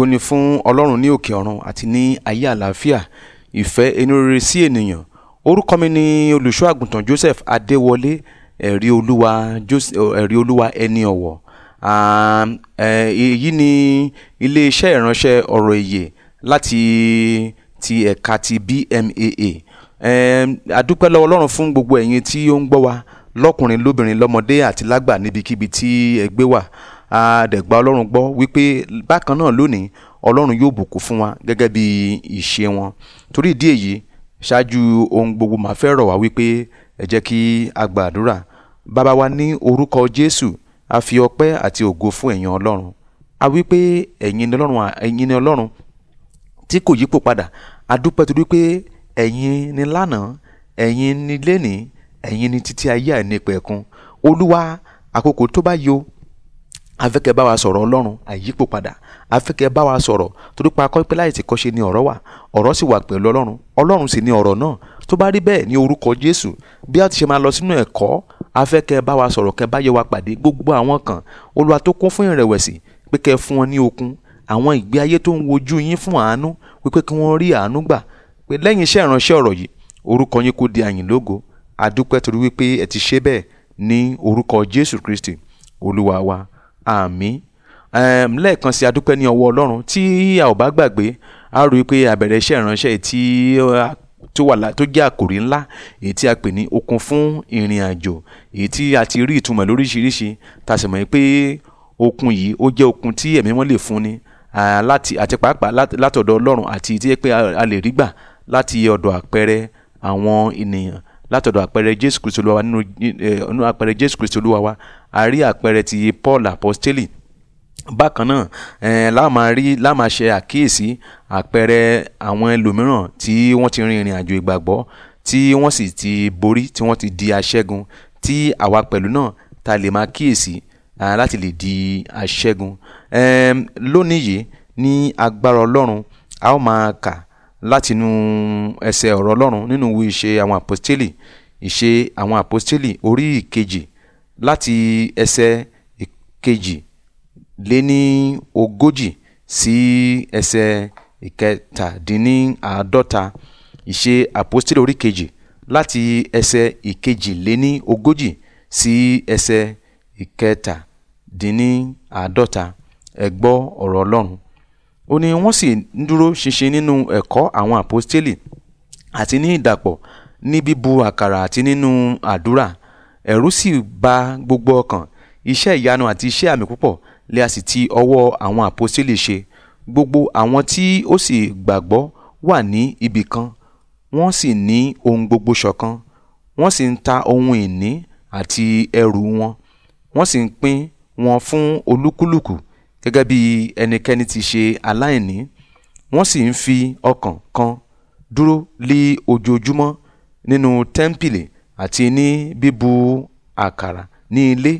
ògo ni fún ọlọ́run ní òkè ọ̀run àti ní ayé àlàáfíà ìfẹ́ inú rere sí ènìyàn orúkọ mi ni olùṣọ́ àgùntàn Joseph Adéwọlé ẹ̀rí olúwa ẹ̀rí olúwa ẹni ọ̀wọ̀ èyí ni iléeṣẹ́ ìránṣẹ́ ọ̀rọ̀ ìyè láti ti ẹ̀ka ti BMAA adúpẹ́ lọ́wọ́ ọlọ́run fún gbogbo ẹ̀yin tí ó ń gbọ́ wa lọ́kùnrin lóbìnrin lọ́mọdé àti lágbà níbikíbi tí ẹ gbé wà a dẹ̀ gba ọlọ́run gbọ́ wípé bákan náà lónìí ọlọ́run yóò bùkún fún wa gẹ́gẹ́ bí ìṣe wọn torí ìdí èyí ṣáájú ohun gbogbo màá fẹ́ rọ̀ wá wípé ẹ jẹ́ kí a gbàdúrà bàbá wa ní orúkọ jésù a fi ọpẹ́ àti ògo fún ẹ̀yin ọlọ́run a wípé ẹ̀yin ni ọlọ́run ẹ̀yin ni ọlọ́run tí kò yípo padà a dúpẹ́ torí pé ẹ̀yin ni lánàá ẹ̀yin ni lénìí ẹ̀yin ni títí ayé àìnípẹ̀kun olúwa àkókò tó bá yọ afẹ́kẹ́ bá wa sọ̀rọ̀ ọlọ́run àyípo padà afẹ́kẹ́ bá wa sọ̀rọ̀ torí pa akọ́pẹ́ láì ti kọ́ṣe ni ọ̀rọ̀ wà ọ̀rọ̀ sì wà pẹ̀lú ọlọ́run ọlọ́run sì ni ọ̀rọ̀ náà tó bá rí bẹ́ẹ̀ ní orúkọ jésù bí a ti ṣe máa lọ sínú ẹ̀kọ́ afẹ́kẹ́ bá wa sọ̀rọ̀ kẹ́ bá yẹ wa pàdé gbogbo àwọn kan olúwa tó kún fún ìrẹ̀wẹ̀sì pé kẹ́ fún wọn ní okun àwọn ìgbé ayé tó ń wojú yín fún àánú wípé kí wọ́n rí àánú gbà pé lẹ́yìn iṣẹ́ ìránṣẹ́ ọ̀rọ̀ yìí orúkọ yín kò di àyìn lógo àdúpẹ́ torí wípé ẹ ti ṣe bẹ́ẹ̀ ní orúkọ jésù kristi olúwa wa àmín um, lẹ́ẹ̀kan sí adúpẹ́ ní ọwọ́ ọlọ́run tí a ò bá gbàgbé a rí i pé àbẹ̀rẹ̀ iṣẹ́ ìránṣẹ́ tí tó wà tó jẹ́ àkòrí ńlá èyí tí a pè ní okun fún ìrìn àjò èyí tí a ti rí ìtumọ̀ lóríṣiríṣi tá a sì mọ̀ pé okun yìí ó jẹ́ okun tí ẹ̀mí wọn lè fúnni láti àti pàápàá látọ̀dọ̀ ọlọ́run àti tí a lè rí gbà láti ọ̀dọ̀ àpẹẹrẹ àwọn ènìyàn látọ̀dọ̀ àpẹẹrẹ Jésù Kristi Olúwa wa nínú àpẹẹrẹ Jésù Kristi Olúwa wa a rí àpẹẹrẹ ti Paul apostoli bákan náà eh, láàmà rí láàmà ṣe àkíyèsí àpẹẹrẹ àwọn ẹlòmíràn tí wọ́n ti rin ìrìn àjò ìgbàgbọ́ tí wọ́n sì ti borí tí wọ́n ti di aṣẹ́gun tí àwa pẹ̀lú náà ta lè máa kíyèsí láti lè di aṣẹ́gun eh, lónìí yìí ní agbára Ọlọ́run a ó máa kà látinú ẹsẹ̀ ọ̀rọ̀ Ọlọ́run nínú ìṣe àwọn àpọ́stélì ìṣe àwọn àpọ́stélì orí ìkejì láti ẹsẹ̀ ìkejì lé ní ogójì sí ẹsẹ̀ ìkẹtàdínníàádọ́ta ìṣe àpọ́stélì orí kejì láti ẹsẹ̀ ìkejì lé ní ogójì sí ẹsẹ̀ ìkẹtàdínníàádọ́ta ẹ gbọ́ ọ̀rọ̀ ọlọ́run ó ní wọ́n sì ń dúró ṣinṣin nínú ẹ̀kọ́ àwọn àpọ́stélì àti ní ìdàpọ̀ ní bíbu àkàrà àti nínú àdúrà ẹ̀rù sì bà gbogbo ọkàn iṣẹ́ ìyanu àti iṣẹ́ àmì púpọ̀ lè a sì ti ọwọ́ àwọn àpọ́sítélì ṣe gbogbo àwọn tí ó sì gbàgbọ́ wà ní ibì kan wọ́n sì ní ohun gbogbo ṣọ̀kan wọ́n sì ń ta ohun ìní àti ẹrù wọn wọ́n sì ń pín wọn fún olúkúlùkù gẹ́gẹ́ bí ẹnikẹ́ni ti ṣe aláìní wọ́n sì ń fi ọkàn kan dúró lé ojoojúmọ́ nínú tẹ́ḿpìlì àti ní bíbu àkàrà ní ilé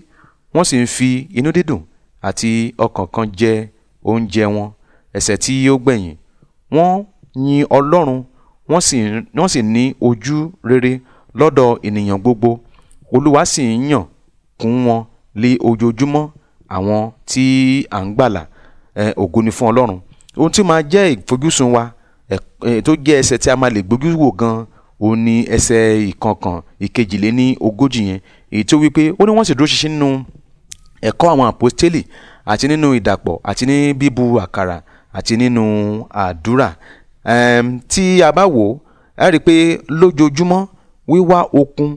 wọ́n sì ń fi inú dídùn àti ọkàn kan jẹ oúnjẹ wọn ẹsẹ̀ tí ó gbẹ̀yìn wọ́n yin ọlọ́run wọ́n sì ní ojú rere lọ́dọ̀ ènìyàn gbogbo olúwa sì ń yàn kún wọn lé ojoojúmọ́ àwọn tí à ń gbàlà ògo ni fún ọlọ́run ohun tí máa jẹ́ ìfojúsùn wa tó jẹ́ ẹsẹ̀ tí a máa lè gbójú wò gan-an ó ní ẹsẹ̀ ìkọ̀ọ̀kan ìkejìléní ogójì yẹn èyí tó wípé ó ní wọ́n sì dúró ṣinṣin nínú ẹ̀kọ́ àwọn àpọ́stélì àti nínú ìdàpọ̀ àti ní bíbu àkàrà àti nínú àdúrà tí a bá wò á rí i pé lójoojúmọ́ wíwá okun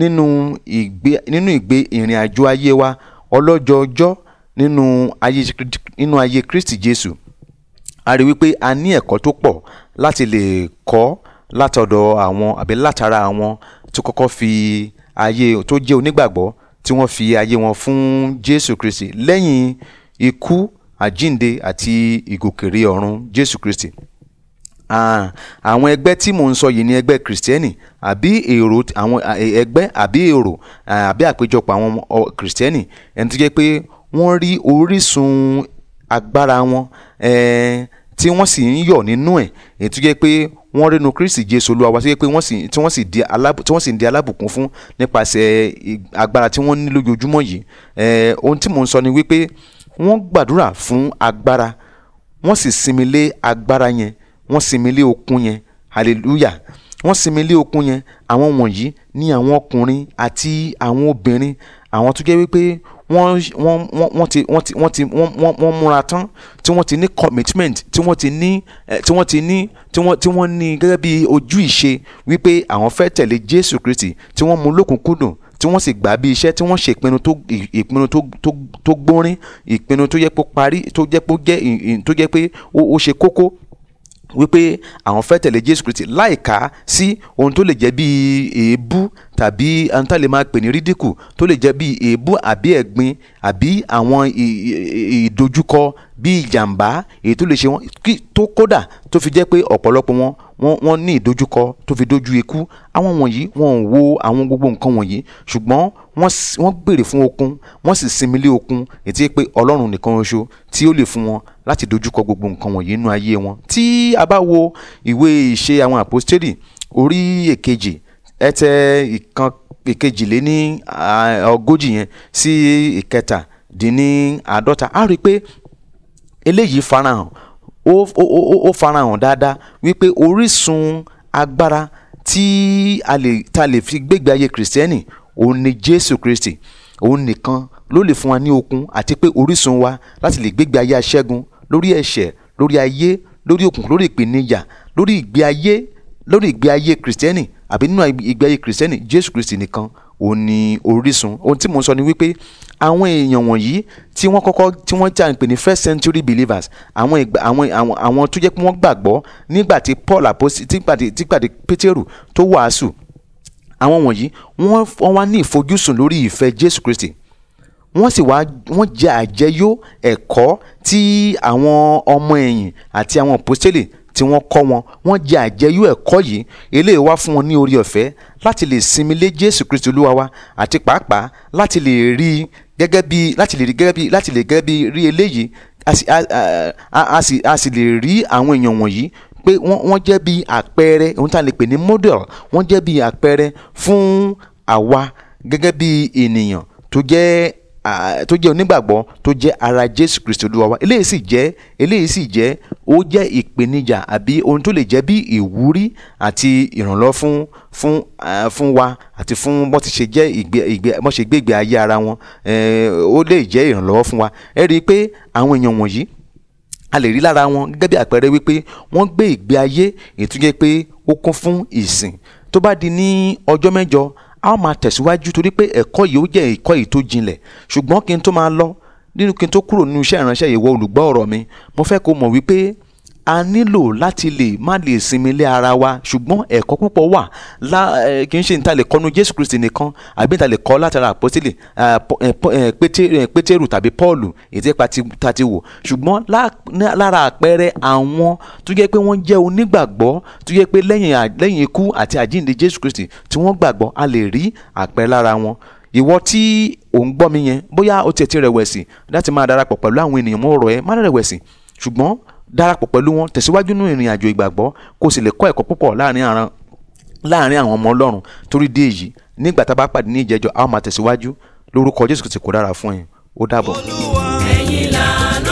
nínú ìgbé nínú ìgbé ìrìn àjò ayé wa ọlọ́jọọjọ́ nínú ayé nínú ayé Kristi Jésù a rí wípé a ní ẹ̀kọ́ tó pọ̀ láti lè kọ́ látọ̀dọ̀ àwọn àbí látara àwọn tó kọ́kọ́ fi ayé tó jẹ́ onígbàgbọ́ tí wọ́n fi ayé wọn fún Jésù Kristi lẹ́yìn ikú àjínde àti ìgòkèrè ọ̀run Jésù Kristi ah, àwọn ẹgbẹ́ tí mò ń sọ yìí ni ẹgbẹ́ kìrìsìtẹ́nì àbí èrò àwọn ẹgbẹ́ àbí èrò àbí àpéjọpọ̀ àwọn kìrìsìtẹ́nì ẹni tó jẹ́ pé wọ́n rí orísun agbára wọn ẹ̀ẹ́ tí wọ́n sì ń yọ̀ nínú ẹ̀ èyí tó jẹ́ pé wọ́n rénu Kristi Jésù Olúwa wa tó jẹ́ pé tí wọ́n sì di alábùkún fún nípasẹ̀ agbára tí wọ́n ní lójoojúmọ́ yìí eh, ohun tí mò ń sọ ni wípé wọ́n gbàdúrà fún agbára wọ́n sì sinmi lé agbára yẹn wọ́n sinmi lé okun yẹn hallelujah wọ́n sinmi lé okun yẹn àwọn wọ̀nyí ni àwọn ọkùnrin àti àwọn obìnrin àwọn tó jẹ́ wípé wọ́n wọ́n wọ́n ti wọ́n ti wọ́n ti wọ́n wọ́n múra tán tí wọ́n ti ní commitment tí wọ́n ti ní tí wọ́n ti ní tí wọ́n tí wọ́n ní gẹ́gẹ́ bí ojú ìṣe wípé àwọn fẹ́ tẹ̀lé Jésù Kristi tí wọ́n mú lókùnkúndùn tí wọ́n sì gbà bí iṣẹ́ tí wọ́n ṣe ìpinnu tó ìpinnu tó tó tó gbórin ìpinnu tó yẹ pé parí tó jẹ́ pé ó jẹ́ tó jẹ́ pé ó ṣe kókó wípé àwọn fẹ́ tẹ̀lé Jésù Kristi láìka sí ohun tó lè jẹ́ bíi èébú tàbí ohun tá a lè máa pè ní rídíkù tó lè jẹ́ bíi èébú àbí ẹ̀gbin àbí àwọn ìdojúkọ bíi ìjàmbá èyí tó lè ṣe wọn tó kódà tó fi jẹ́ pé ọ̀pọ̀lọpọ̀ wọn wọn ní ìdojúkọ tó fi dojú ikú àwọn wọ̀nyí wọn ò wo àwọn gbogbo nǹkan wọ̀nyí ṣùgbọ́n wọ́n béèrè fún okun wọ́n sì sinmi lé okun ètí pé Ọlọ́run nìkan ṣoṣo tí ó lè fún wọn láti dojúkọ gbogbo nǹkan wọ̀nyí nínú ayé wọn tí a bá wo ìwé ìṣe àwọn àpòstélì orí èkejì ẹtẹ ìkan ìkejìléní ọgójì yẹn sí ìkẹtàdínníàádọ́ta a rí i pé eléyìí farahàn ó ó ó farahàn dáadáa wípé orísun agbára tí a lè ta lè fi gbégbé ayé kìrìsìtẹ́nì òun ni Jésù Kristi òun nìkan ló lè fún wa ní okun àti pé orísun wa láti lè gbégbé ayé aṣẹ́gun lórí ẹ̀ṣẹ̀ lórí ayé lórí òkùnkùn lórí ìpèníjà lórí ìgbé ayé lórí ìgbé ayé kìrìsìtẹ́nì àbí nínú ìgbé ayé kìrìsìtẹ́nì jésù kìrìsìtì nìkan ò ní orísun ohun tí mò ń sọ ni wípé àwọn èèyàn wọ̀nyí tí wọ́n kọ́kọ́ tí wọ́n jà ń pè ní first century believers àwọn ìgbà àwọn àwọn àwọn tó jẹ́ pé wọ́n gbàgbọ́ nígbà tí paul àpòsí tígbàdé pétérù tó wàásù àwọn wọ̀nyí wọ́n wá ní ìfojúsùn lórí ìfẹ́ jésù kìrìsìtì wọ́n sì wáá wọ́n jẹ́ àjẹyó ẹ̀kọ́ tí àwọn ọmọ ẹ̀yìn àti àwọn àpọ́sítélì tí wọ́n kọ́ wọn wọ́n jẹ́ àjẹyó ẹ̀kọ́ yìí eléyìí wá fún wọn ní orí ọ̀fẹ́ láti lè sinmi lé Jésù Kristu Olúwa wa àti pàápàá láti lè rí gẹ́gẹ́ bí láti lè rí gẹ́gẹ́ bí láti lè gẹ́gẹ́ bí rí eléyìí a sì lè rí àwọn èèyàn wọ̀nyí pé wọ́n jẹ́ bí àpẹẹrẹ ohun tá a lè pè ní model wọ́n jẹ́ bí àpẹẹrẹ fún àwa gẹ́gẹ́ bí ènìyàn tó jẹ́ tó jẹ́ onígbàgbọ́ tó jẹ́ ara Jésù Kristi Olúwa wa eléyìí sì jẹ́ eléyìí sì jẹ́ ó jẹ́ ìpèníjà àbí ohun tó lè jẹ́ bí ìwúrí àti ìrànlọ́ fún fún fún wa àti fún bó ti ṣe jẹ́ ìgbé ìgbé bó ṣe gbé ìgbé ayé ara wọn ó lè jẹ́ ìrànlọ́wọ́ fún wa ẹ rí i pé àwọn èèyàn wọ̀nyí a lè rí lára wọn gẹ́gẹ́ bí àpẹẹrẹ wípé wọ́n gbé ìgbé ayé ètúnjẹ́ pé ó kún fún ìsìn tó bá di ní ọjọ́ mẹ́jọ a máa tẹ̀síwájú torí pé ẹ̀kọ́ yìí ó jẹ́ ẹ̀kọ́ yìí tó jinlẹ̀ ṣùgbọ́n kí n tó máa lọ nínú kí n tó kúrò nínú iṣẹ́ ìránṣẹ́ ìwọ olùgbọ́ ọ̀rọ̀ mi mo fẹ́ kó mọ̀ wípé a nílò láti lè má lè sinmi lé ara wa ṣùgbọ́n ẹ̀kọ́ púpọ̀ wà kì í ṣe níta lè kọ́nu Jésù Kristi nìkan àbí níta lè kọ́ látara àpọ́sílẹ̀ Pétérù tàbí Pọ́ọ̀lù ètí ta ti wò ṣùgbọ́n lára àpẹẹrẹ àwọn tó yẹ pé wọ́n jẹ́ onígbàgbọ́ tó yẹ pé lẹ́yìn ikú àti àjíǹde Jésù Kristi tí wọ́n gbàgbọ́ a lè rí àpẹẹrẹ lára wọn ìwọ tí ò ń gbọ́ mi yẹn bóyá o tètè rẹ̀wẹ̀sì láti máa darapọ̀ pẹ̀lú àwọn ènìyàn mọ́ ọ̀rọ̀ ẹ má rẹ̀wẹ̀sì ṣùgbọ́n darapọ̀ pẹ̀lú wọn tẹ̀síwájú nínú ìrìn àjò ìgbàgbọ́ kó o sì lè kọ́ ẹ̀kọ́ púpọ̀ láàrin àwọn ọmọ ọlọ́run torí dé èyí nígbà tá a bá pàdé ní ìjẹ́jọ́ a ó máa tẹ̀síwájú lórúkọ jésù kò dára fún yín ó dàbọ̀. ẹ̀yin lànà.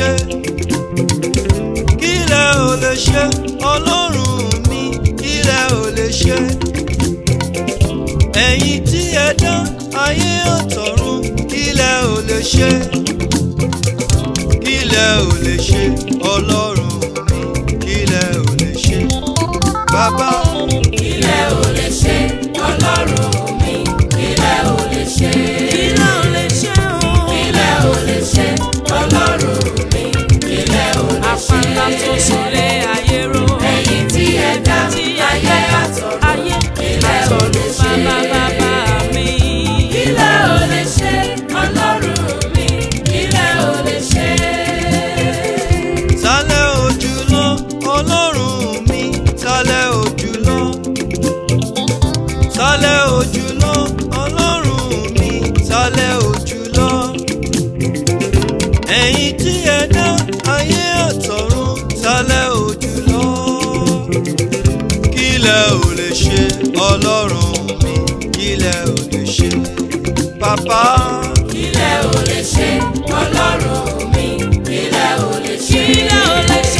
ṣe kí lẹ ò lè ṣe ọlọ́run mi kí lẹ ò lè ṣe ẹ̀yin tí ẹ dá ayé ọ̀tọ̀run kí ò lè ṣe kí ò lè ṣe ọlọ́run mi kí ò lè ṣe bàbá. òjùlọ ọlọ́run mi sálẹ̀ òjùlọ. ẹ̀yin tí ẹ dá ayé àtọ̀run sálẹ̀ òjùlọ. kílẹ̀ ò lè ṣe ọlọ́run mi kílẹ̀ ò lè ṣe bàbá. kílẹ̀ ò lè ṣe ọlọ́run mi kílẹ̀ ò lè ṣe. kílẹ̀ ò lè ṣe.